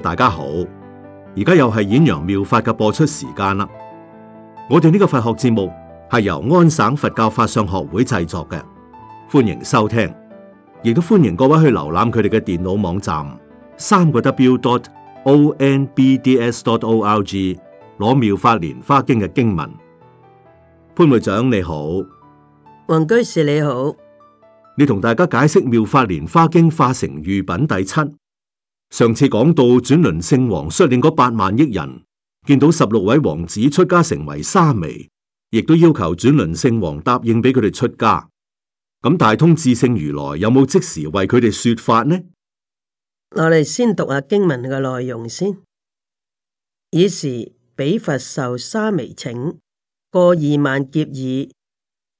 大家好，而家又係演揚妙法嘅播出時間啦。我哋呢個佛學節目係由安省佛教法相學會製作嘅，歡迎收聽，亦都歡迎各位去瀏覽佢哋嘅電腦網站三個 W dot O N B D S dot O R G，攞妙法蓮花經嘅經文。潘會長你好，黃居士你好，你同大家解釋妙法蓮花經化城喻品第七。上次講到轉輪聖王率領嗰八萬億人，見到十六位王子出家成為沙彌，亦都要求轉輪聖王答應俾佢哋出家。咁大通智勝如來有冇即時為佢哋說法呢？我哋先讀下經文嘅內容先。以時彼佛受沙彌請，過二萬劫已，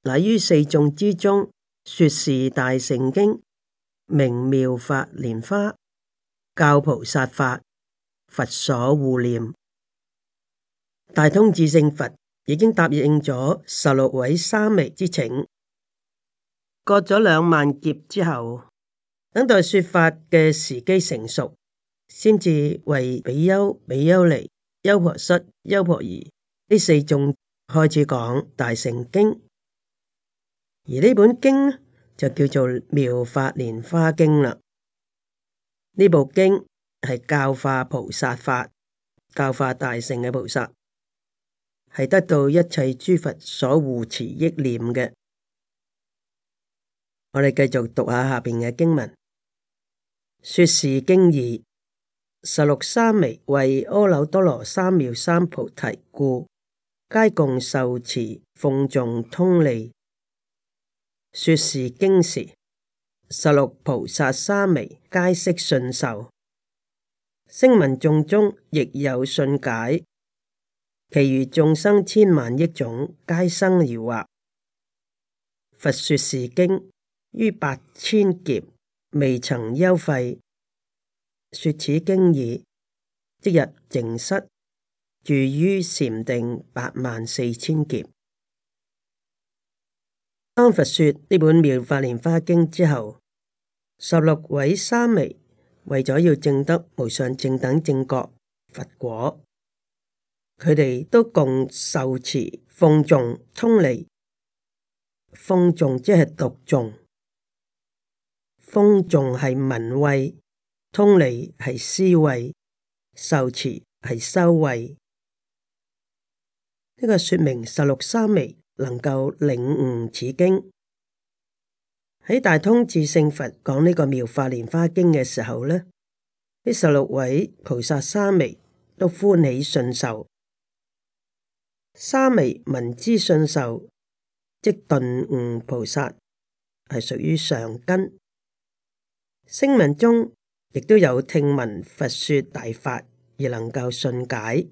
乃於四眾之中說是大乘經，名妙法蓮花。教菩薩法，佛所護念，大通智勝佛已經答應咗十六位沙彌之請，過咗兩萬劫之後，等待說法嘅時機成熟，先至為比丘、比丘尼、優婆塞、優婆夷呢四眾開始講大乘經，而呢本經呢就叫做妙法蓮花經啦。呢部經係教化菩薩法，教化大乘嘅菩薩，係得到一切諸佛所護持憶念嘅。我哋繼續讀下下邊嘅經文，說是經二十六三昧為阿耨多羅三藐三菩提故，皆共受持諷誦通利。說是經時。十六菩薩沙彌皆悉信受，聲聞眾中亦有信解。其餘眾生千萬億種，皆生疑惑。佛說是經於八千劫未曾休廢，說此經已，即入靜室，住於禪定八萬四千劫。當佛說呢本妙法蓮花經之後。十六位沙彌為咗要證得無上正等正覺佛果，佢哋都共受持、諷誦、通利，諷誦即係讀誦。諷誦係聞慧，通利係思慧，受持係修慧。呢、這個說明十六沙彌能夠領悟此經。喺大通智勝佛講呢、這個妙法蓮花經嘅時候咧，呢十六位菩薩沙彌都歡喜信受，沙彌聞之信受，即頓悟菩薩係屬於上根。聲聞中亦都有聽聞佛說大法而能夠信解，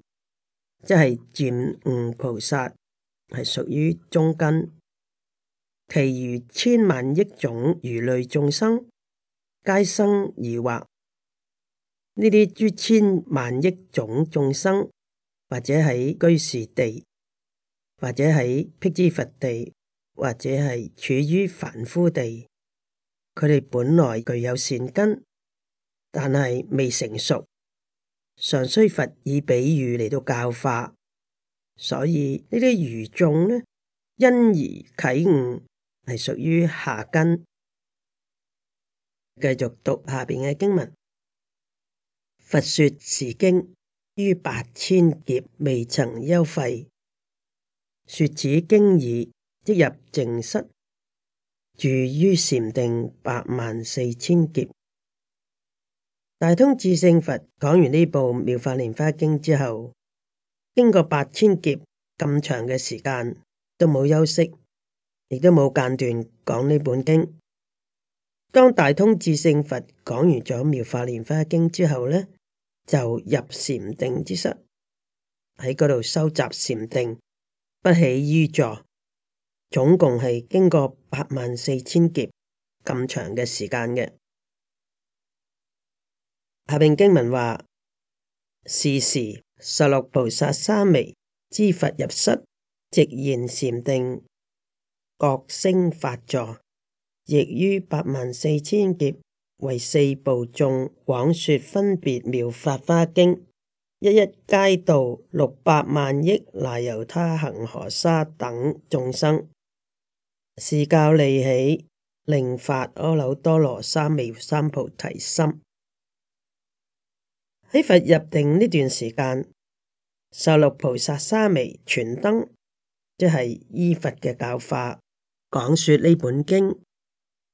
即係漸悟菩薩係屬於中根。其餘千萬億種魚類眾生，皆生疑惑。呢啲諸千萬億種眾生，或者喺居士地，或者喺辟支佛地，或者係處於凡夫地，佢哋本來具有善根，但係未成熟，常需佛以比喻嚟到教化。所以呢啲魚眾呢，因而啟悟。係屬於下根，繼續讀下邊嘅經文。佛說是經於八千劫未曾休廢，說此經已即入靜室，住於禪定八萬四千劫。大通智勝佛講完呢部妙法蓮花經之後，經過八千劫咁長嘅時間都冇休息。亦都冇間斷講呢本經。當大通智勝佛講完咗《妙法蓮花經》之後咧，就入禪定之室喺嗰度修習禪定，不起於座，總共係經過八萬四千劫咁長嘅時間嘅。下邊經文話：是時十六菩薩沙彌知佛入室，直言禪定。各升法座，亦於八萬四千劫為四部眾廣說分別妙法花經，一一皆度六百萬億那由他恒河沙等眾生，示教利喜，令發阿耨多羅三藐三菩提心。喺佛入定呢段時間，受六菩薩沙彌傳燈，即係依佛嘅教化。講說呢本經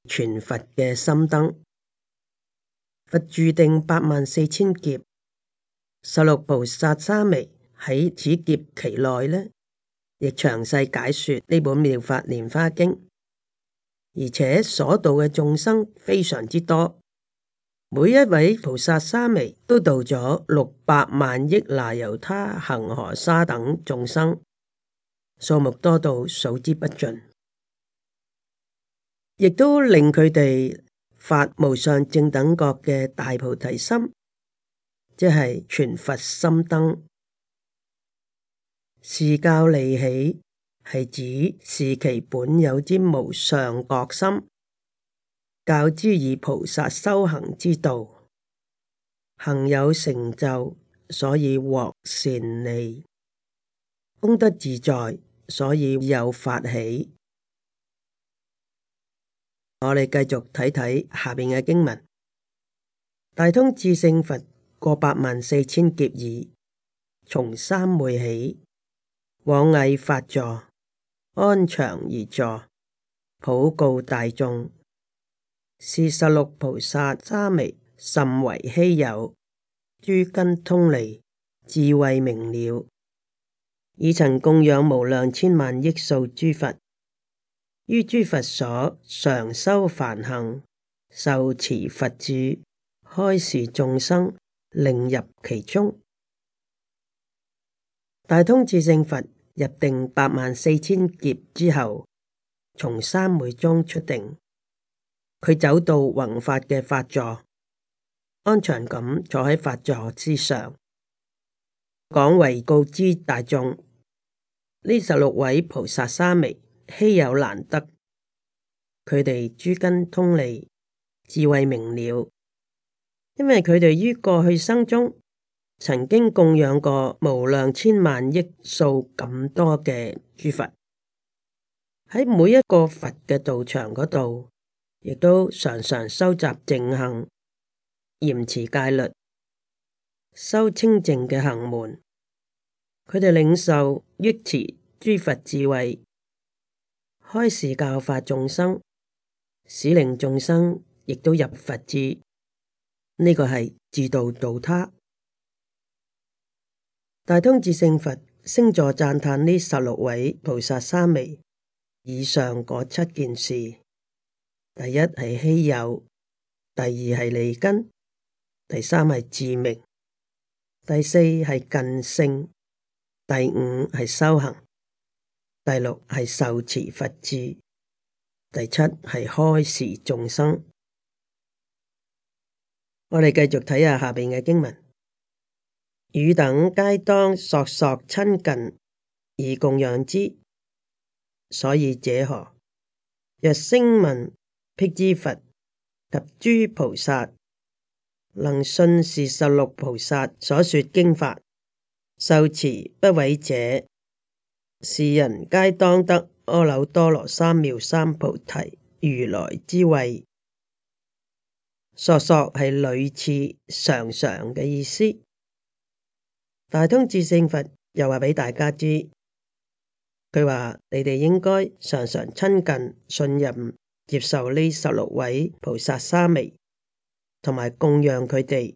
傳佛嘅心燈，佛注定八萬四千劫，十六菩薩沙彌喺此劫期內呢，亦詳細解說呢本妙法蓮華經，而且所度嘅眾生非常之多，每一位菩薩沙彌都度咗六百萬億那由他恒河沙等眾生，數目多到數之不盡。亦都令佢哋發無上正等覺嘅大菩提心，即係傳佛心燈。示教利喜，係指示其本有之無上覺心，教之以菩薩修行之道，行有成就，所以獲善利，功德自在，所以有法喜。我哋繼續睇睇下邊嘅經文。大通智勝佛過八萬四千劫已，從三昧起往詣法座安詳而坐，普告大眾：是十六菩薩沙彌，甚為稀有，諸根通利，智慧明了，已曾供養無量千萬億數諸佛。於諸佛所常修梵行，受持佛主，開示眾生，令入其中。大通智勝佛入定八萬四千劫之後，從三昧中出定，佢走到弘法嘅法座，安詳咁坐喺法座之上，廣為告知大眾：呢十六位菩薩三昧。稀有難得，佢哋諸根通利，智慧明了，因為佢哋於過去生中曾經供養過無量千萬億數咁多嘅諸佛，喺每一個佛嘅道場嗰度，亦都常常收集正行，嚴持戒律，修清淨嘅行門，佢哋領受益持諸佛智慧。開示教法，眾生，使令眾生亦都入佛智，呢個係自度度他。大通智勝佛，星座讚嘆呢十六位菩薩三昧以上嗰七件事：第一係稀有，第二係利根，第三係致命，第四係近勝，第五係修行。第六係受持佛智，第七係開示眾生。我哋繼續睇下下邊嘅經文，汝等皆當索索親近而供養之。所以者何？若聲聞辟支佛及諸菩薩能信是十六菩薩所說經法，受持不毀者。是人皆當得阿耨多羅三藐三菩提。如來之慧。索索係類似「常常」嘅意思。大通智勝佛又話畀大家知，佢話，你哋應該常常親近、信任、接受呢十六位菩薩沙彌，同埋供養佢哋。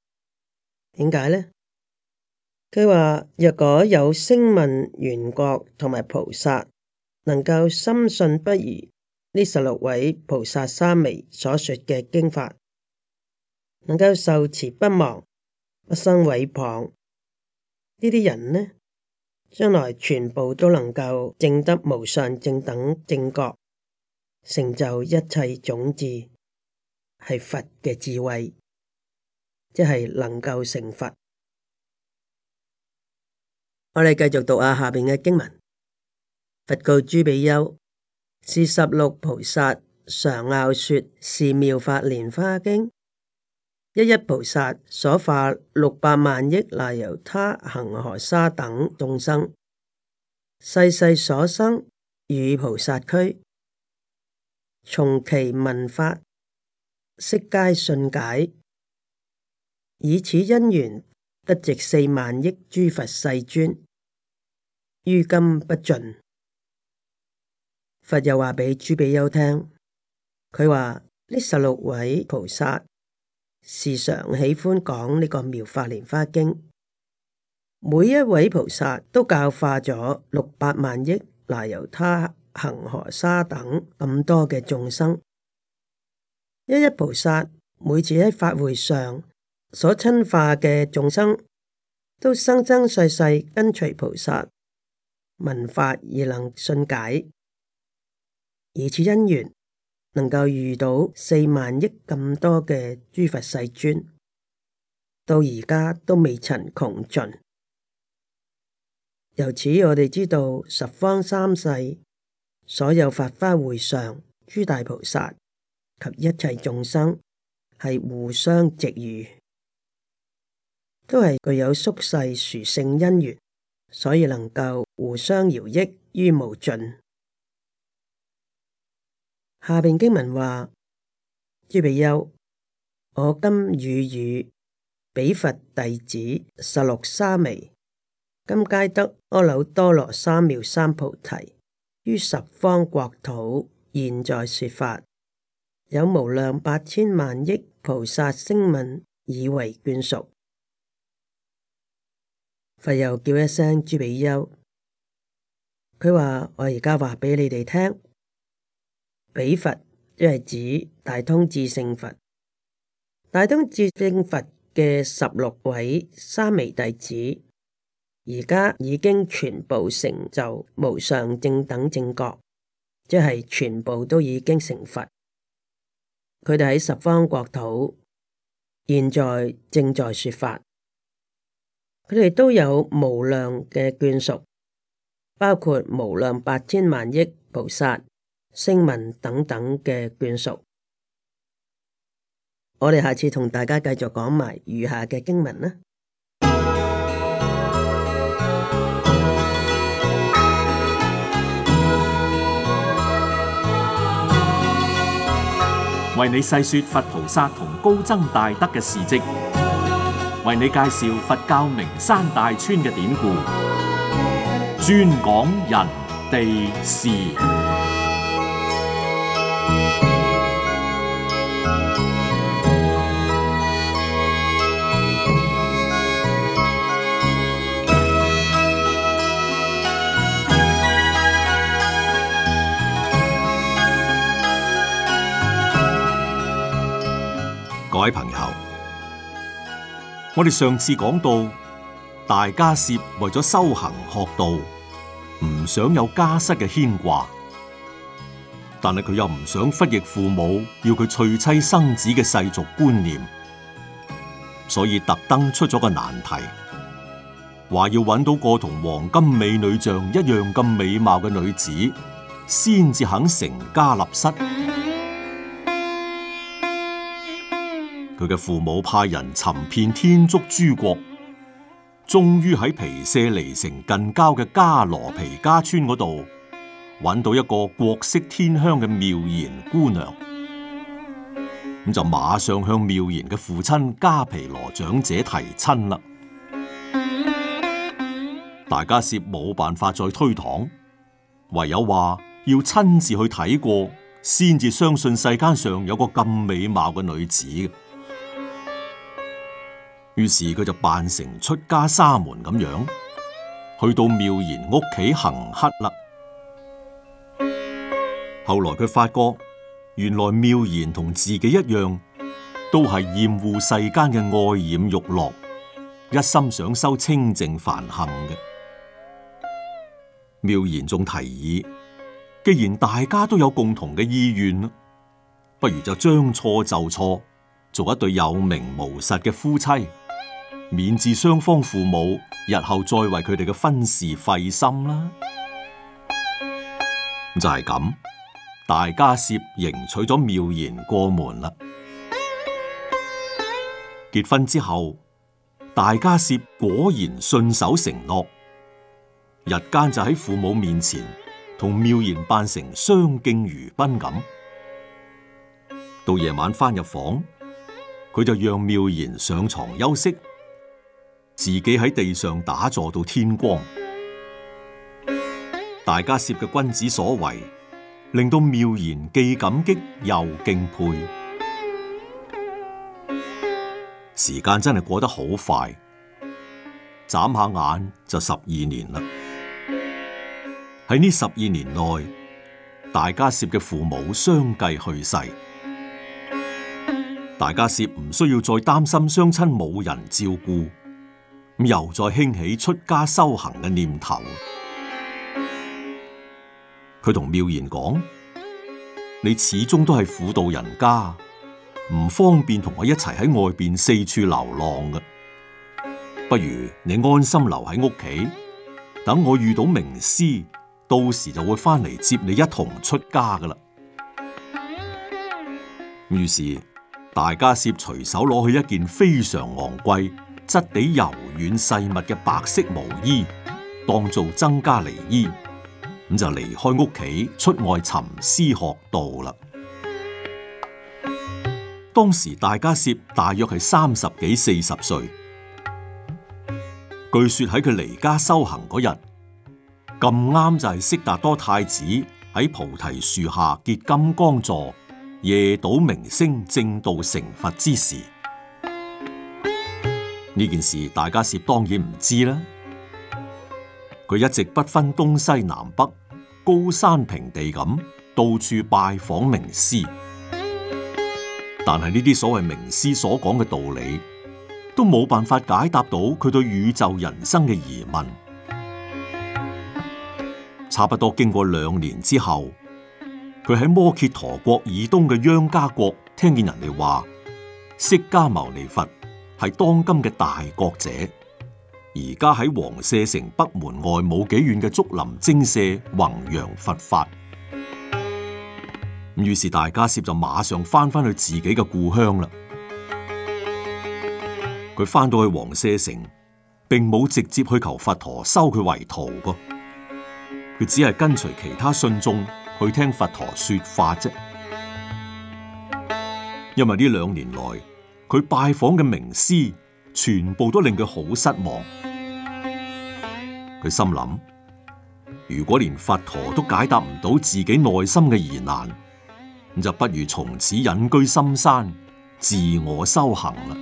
點解呢？佢話：若果有聲聞、緣覺同埋菩薩能夠深信不疑呢十六位菩薩三昧所説嘅經法，能夠受持不忘，不生毀謗，呢啲人呢，將來全部都能夠正得無上正等正覺，成就一切種智，係佛嘅智慧，即係能夠成佛。我哋繼續讀下下邊嘅經文。佛告諸比丘：是十六菩薩常傲說《是妙法蓮花經》，一一菩薩所化六百萬億那由他恒河沙等眾生，世世所生與菩薩區，從其聞法，悉皆信解，以此因緣得值四萬億諸佛世尊。於今不盡，佛又話俾諸比丘聽，佢話呢十六位菩薩時常喜歡講呢、這個妙法蓮花經。每一位菩薩都教化咗六百萬億那由他恒河沙等咁多嘅眾生。一一菩薩每次喺法會上所親化嘅眾生，都生生世世跟隨菩薩。聞法而能信解，以此因緣，能夠遇到四萬億咁多嘅諸佛世尊，到而家都未曾窮盡。由此我哋知道，十方三世所有法華會上諸大菩薩及一切眾生，係互相值遇，都係具有宿世殊勝因緣。所以能夠互相饒益於無盡。下邊經文話：諸比丘，我今語汝彼佛弟子十六沙彌，今皆得阿耨多羅三藐三菩提，於十方國土現在說法，有無量百千萬億菩薩聲聞以為眷屬。佛又叫一聲諸比丘，佢話：我而家話俾你哋聽，彼佛即係指大通智勝佛，大通智勝佛嘅十六位三微弟子，而家已經全部成就無上正等正覺，即係全部都已經成佛。佢哋喺十方國土，現在正在説法。佢哋都有無量嘅眷屬，包括無量八千萬億菩薩、聲聞等等嘅眷屬。我哋下次同大家繼續講埋餘下嘅經文啦。為你細説佛菩薩同高僧大德嘅事跡。為你介紹佛教名山大川嘅典故，專講人地事。各位朋友。我哋上次講到，大迦葉為咗修行學道，唔想有家室嘅牽掛，但係佢又唔想忤逆父母要佢娶妻生子嘅世俗觀念，所以特登出咗個難題，話要搵到個同黃金美女像一樣咁美貌嘅女子，先至肯成家立室。佢嘅父母派人尋遍天竺諸國，終於喺皮舍離城近郊嘅迦羅皮家村嗰度揾到一個國色天香嘅妙賢姑娘。咁就馬上向妙賢嘅父親迦毗羅長者提親啦。大迦葉冇辦法再推搪，唯有話要親自去睇過，先至相信世間上有個咁美貌嘅女子。於是佢就扮成出家沙門咁樣，去到妙賢屋企行乞啦。後來佢發覺，原來妙賢同自己一樣，都係厭惡世間嘅愛染欲落，一心想修清淨梵行嘅。妙賢仲提議，既然大家都有共同嘅意願，不如就將錯就錯，做一對有名無實嘅夫妻。免致雙方父母日後再為佢哋嘅婚事費心啦。就係咁，大迦葉迎娶咗妙賢過門啦。結婚之後，大迦葉果然信守承諾，日間就喺父母面前同妙賢扮成相敬如賓咁。到夜晚返入房，佢就讓妙賢上床休息。自己喺地上打坐到天光，大迦葉嘅君子所為，令到妙賢既感激又敬佩。時間真係過得好快，眨下眼就十二年啦。喺呢十二年內，大迦葉嘅父母相繼去世，大迦葉唔需要再擔心雙親冇人照顧。咁又再興起出家修行嘅念頭，佢同妙賢講：你始終都係婦道人家，唔方便同我一齊喺外邊四處流浪嘅，不如你安心留喺屋企，等我遇到名師，到時就會翻嚟接你一同出家噶啦。於是大迦葉隨手攞去一件非常昂貴。質地柔軟細密嘅白色毛衣，當做增加離衣，咁就離開屋企出外尋師學道啦。當時大迦葉大約係三十幾四十歲，據說喺佢離家修行嗰日，咁啱就係悉達多太子喺菩提樹下結金剛座，夜睹明星正道成佛之時。呢件事大家是當然唔知啦。佢一直不分東西南北、高山平地咁，到處拜訪名師。但係呢啲所謂名師所講嘅道理，都冇辦法解答到佢對宇宙人生嘅疑問。差不多經過兩年之後，佢喺摩揭陀國以東嘅央家國，聽見人哋話釋迦牟尼佛，係當今嘅大國者，而家喺王舍城北門外冇幾遠嘅竹林精舍弘揚佛法。咁於是大迦葉就馬上翻返去自己嘅故鄉啦。佢翻到去王舍城，並冇直接去求佛陀收佢為徒噃，佢只係跟隨其他信眾去聽佛陀說法啫。因為呢兩年來。佢拜訪嘅名師，全部都令佢好失望。佢心諗，如果連佛陀都解答唔到自己內心嘅疑難，咁就不如從此隱居深山，自我修行啦。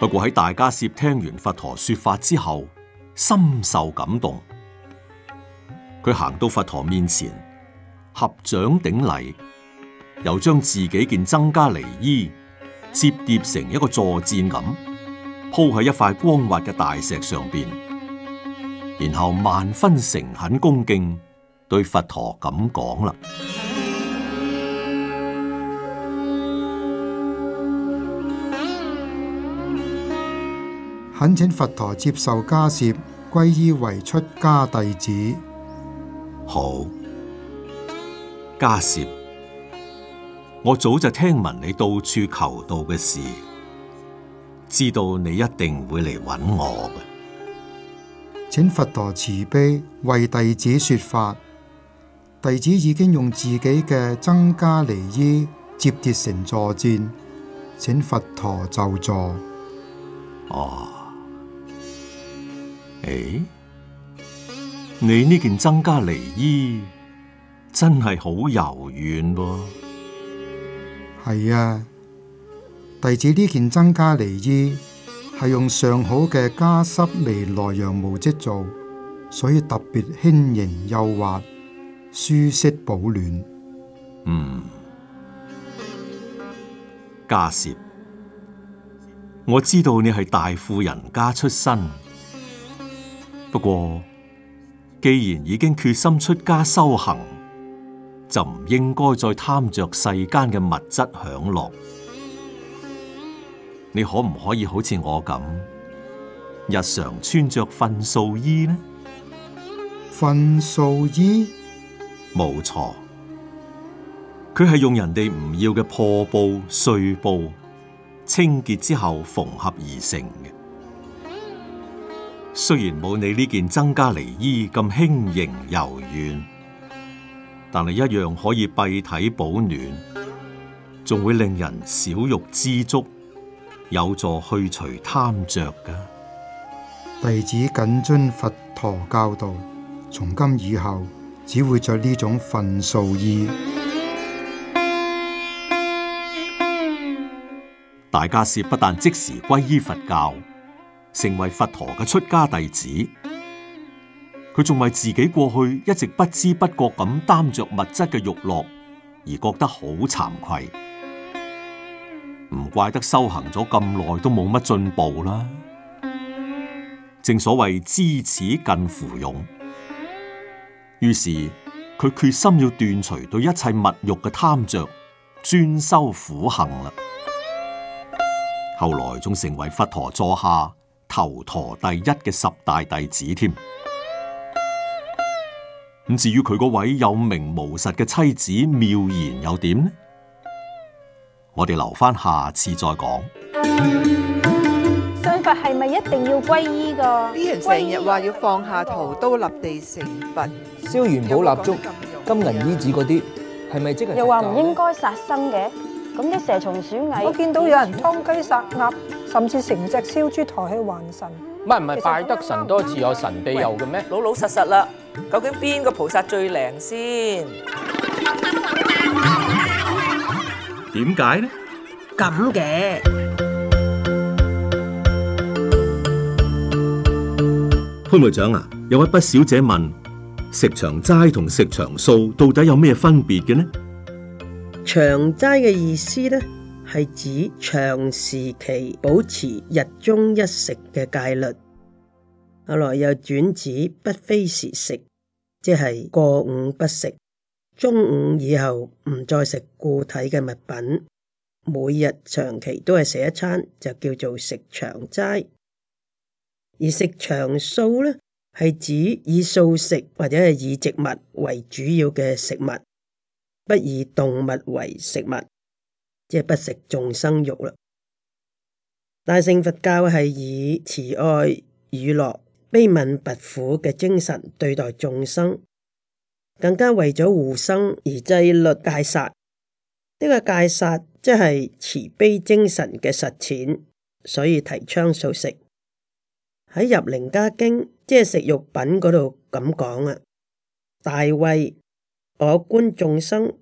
不過喺大迦葉聽完佛陀說法之後，深受感動。佢行到佛陀面前，合掌頂禮。又將自己件僧伽梨衣摺疊成一個坐墊咁，鋪喺一塊光滑嘅大石上邊，然後萬分誠懇恭敬對佛陀咁講啦，懇請佛陀接受迦葉，皈依為出家弟子。好，迦葉。我早就聽聞你到處求道嘅事，知道你一定會嚟揾我嘅。請佛陀慈悲為弟子說法，弟子已經用自己嘅僧伽梨衣折疊成坐墊，請佛陀就座。哦，誒、哎，你呢件僧伽梨衣真係好柔軟噃、哦。係啊，弟子呢件僧伽梨衣係用上好嘅加濕尼萊羊毛織做，所以特別輕盈幼滑，舒適保暖。嗯，迦葉，我知道你係大富人家出身，不過既然已經決心出家修行。就唔應該再貪着世間嘅物質享樂。你可唔可以好似我咁，日常穿着糞掃衣呢？糞掃衣，冇錯。佢係用人哋唔要嘅破布、碎布清潔之後縫合而成嘅。雖然冇你呢件僧伽梨衣咁輕盈柔軟。但係一樣可以蔽體保暖，仲會令人少欲知足，有助去除貪着嘅。弟子謹遵佛陀教導，從今以後只會着呢種糞掃衣。大迦葉不但即時歸依佛教，成為佛陀嘅出家弟子。佢仲為自己過去一直不知不覺咁擔着物質嘅欲樂，而覺得好慚愧，唔怪得修行咗咁耐都冇乜進步啦。正所謂知恥近乎勇，於是佢決心要斷除對一切物欲嘅貪着，專修苦行啦。後來仲成為佛陀座下頭陀第一嘅十大弟子添。咁至於佢個位有名無實嘅妻子妙賢又點呢？我哋留翻下，下次再講。信佛係咪一定要皈依噶？呢人成日話要放下屠刀立地成佛，燒元寶蠟燭、金銀衣紙嗰啲，係咪、啊、即係？又話唔應該殺生嘅，咁啲蛇蟲鼠蟻，我見到有人殺雞殺鴨，甚至成隻燒豬台去還神。唔係唔係，其實 拜得神多自有神庇佑嘅咩？老老實實啦。究竟邊個菩薩最靈先？點解呢？咁嘅潘會長啊，有位不小姐問：食長齋同食長素到底有咩分別嘅呢？長齋嘅意思呢，係指長時期保持日中一食嘅戒律。後來又轉指不非時食，即係過午不食，中午以後唔再食固體嘅物品，每日長期都係食一餐，就叫做食長齋。而食長素呢，係指以素食或者係以植物為主要嘅食物，不以動物為食物，即係不食眾生肉啦。大乘佛教係以慈愛與樂。悲憫拔苦嘅精神對待眾生，更加為咗護生而制律戒殺。呢、這個戒殺即係慈悲精神嘅實踐，所以提倡素食。喺入靈家經，即係食肉品嗰度咁講啊！大慧，我觀眾生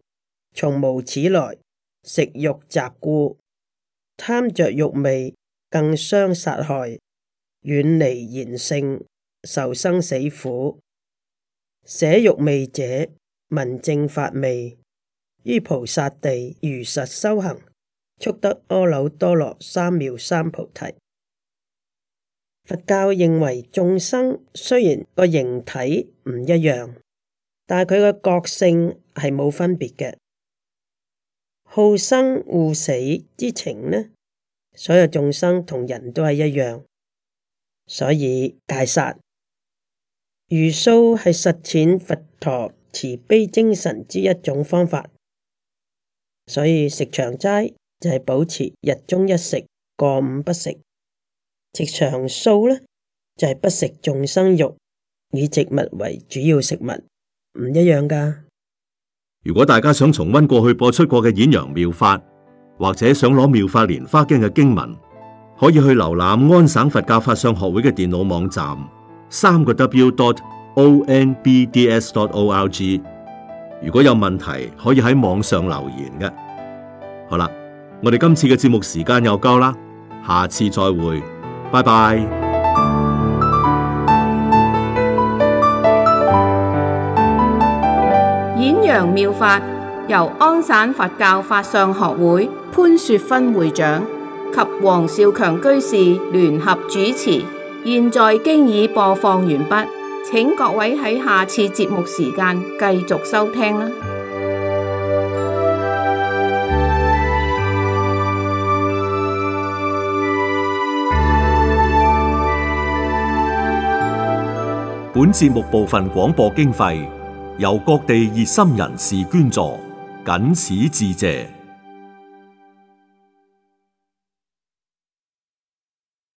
從無始來食肉習故，貪着肉味，更傷殺害。遠離炎性，受生死苦，捨欲味者，聞正法味，於菩薩地如實修行，速得阿耨多羅三藐三菩提。佛教認為眾生雖然個形體唔一樣，但係佢個覺性係冇分別嘅，好生護死之情呢，所有眾生同人都係一樣。所以戒殺茹素係實踐佛陀慈悲精神之一種方法，所以食長齋就係保持日中一食，過午不食。食長素咧就係、是、不食眾生肉，以植物為主要食物，唔一樣噶。如果大家想重溫過去播出過嘅演揚妙法，或者想攞妙法蓮花經嘅經文。可以去瀏覽安省佛教法相學會嘅電腦網站，三個 w.dot.o.n.b.d.s.dot.o.l.g。如果有問題，可以喺網上留言嘅。好啦，我哋今次嘅節目時間又夠啦，下次再會，拜拜。演揚妙法由安省佛教法相學會潘雪芬會長。及黃少強居士聯合主持，現在經已播放完畢，請各位喺下次節目時間繼續收聽啦。本節目部分廣播經費由各地熱心人士捐助，謹此致謝。